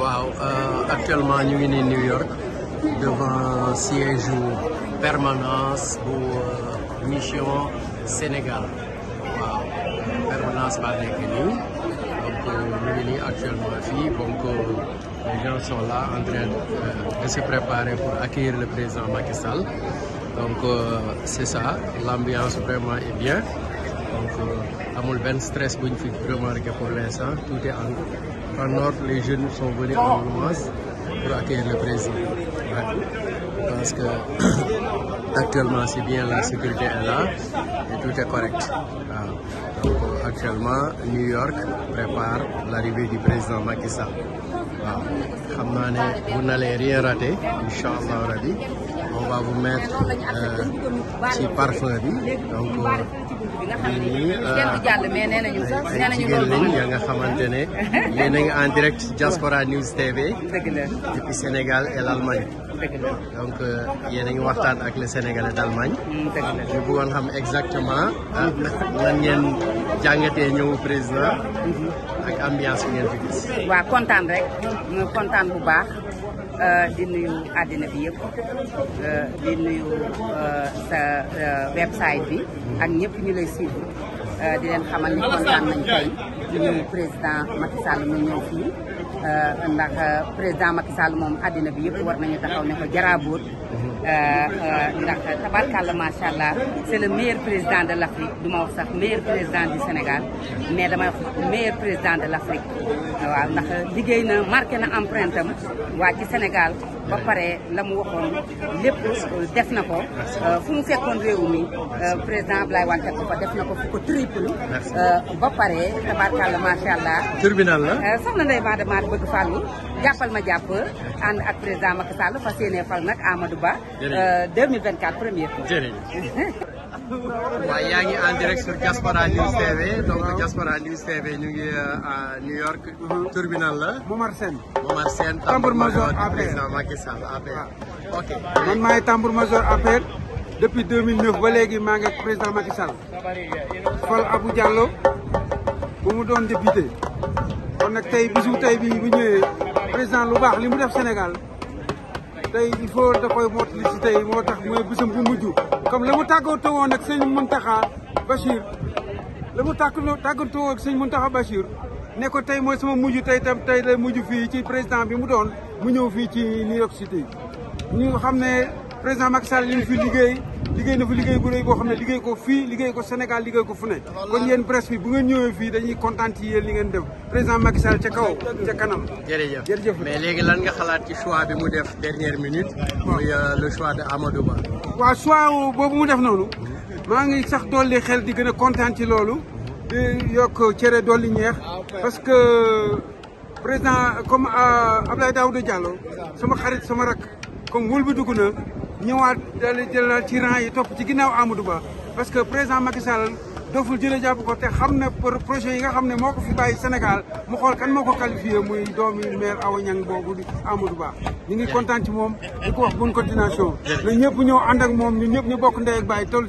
Euh, actuellement nous sommes à New York devant siège permanence pour euh, mission Sénégal Wow, permanence par nous. donc euh, nous actuellement ici, donc les gens sont là en train de se préparer pour accueillir le président Macky Sall donc c'est ça l'ambiance vraiment est bien. donc amul benn stress buñ fi remarqué pour l'instant tout est en en ordre les jeunes sont venus en pour accueillir le président parce que actuellement c'est bien la sécurité est là et tout est correct waaw donc actuellement New York prépare l'arrivée du président Macky Sall waaw xam naa ne bu nalee rien rater incha allah on va vous mettre ci euh, parfum bi donc ay jigéen euh, lañ ya nga xamante ne yéen en direct jaspora Diaspora News TV depuis Sénégal et l'Allemagne donc euh, yéen a waxtaan ak les Sénégalais d'Allemagne ñu mm, bëggoon xam exactement lan ah, ngeen jàngatee ñëw président ak ambiance bi ngeen fi gis waaw kontaan rek kontaan bu baax Euh, di nuyu àddina bi yëpp euh, di nuyu euh, sa website bi ak ñëpp ñu lay suivre Euh, di leen xamal ni kontaan nañ ci ñuy président Macky Sall mu euh, euh, président Macky Sall moom àddina bi yëpp war nañu taxaw ne ko jaraaboot ndax tabarkàlla macha allah c'est le meilleur président de l'Afrique du ma wax sax meilleur président du Sénégal mais damay wax meilleur président de l'Afrique waaw ndax liggéey na marqué na empreinte am waa ci Sénégal ba pare la mu waxoon lépp def na ko euh, fu mu fekkoon réew mi euh, président Ablaye Wade fekk ko def na ko fu ko triple euh, ba pare tabarkàlla macha allah tribunal la soxna Ndeye Mada Mada bëgg fàllu jàppal ma jàpp ànd ak président Macky Sall fa yéene fal nag Amadou Ba 2024 premier tour waaye yaa ngi en direct sur Diaspora News ñu ngi euh, New York. Uh-huh. tribunal la. Momar Sène. Momar Sène tambour major du président Macky Sall APR. ok man maay tambour major APR depuis ba léegi maa ngi président Macky Sall. fal Abou bu mu doon député kon nag tey bisu tey bii bu ñëwee président lu baax li mu def Sénégal. tey il faut da koy mottali ci tey moo tax mooy bisam bu mujj comme la mu tàggatoo woon ak sëñ Mountakha Bachir la mu tàggatoo woon ak sëñ Mountakha Bachir ne ko tey mooy sama mujj tey tam tey lay mujj fii ci président bi mu doon mu ñëw fii ci New York City ñu xam ne président Macky Sall li fi liggéey liggéey na fi liggéey bu rëy boo xam ne liggéey ko fii liggéey ko Sénégal liggéey ko fu ne kon yéen presse bi bu ngeen ñëwee fii dañuy kontaan ci yéen li ngeen def président Macky Sall ca kaw ca kanam. jërëjëf jërëjëf mais léegi lan nga xalaat ci choix bi mu def dernière minute. muy euh, le choix de Amadou Ba. waa choix boobu mu def noonu. Mm-hmm. maa ngi sax dolli xel di gën a kontaan ci loolu. di yokk cere dolli ñeex. Ah, parce que président comme euh, Abdoulaye Daouda Diallo ah. sama xarit sama rak comme wëlba dugg na. ñëwaat daal jël na ci rang yi topp ci ginnaaw Amadou Ba parce que président Macky doful jële jàpp ko te xam na projet yi nga xam ne moo ko fi bàyyi Sénégal mu xool kan moo ko qualifié muy doomi maire Awa Niang boobu di Ba ñu ngi moom di ko wax bonne continuation ñëpp ñëw ànd ak moom ñu ñëpp ñu bokk ndey ak bàyyi toll